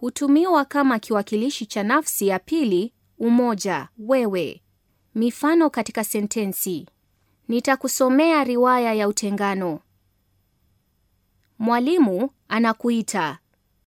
hutumiwa kama kiwakilishi cha nafsi ya pili, umoja, wewe. Mifano katika sentensi: nitakusomea riwaya ya Utengano. Mwalimu anakuita.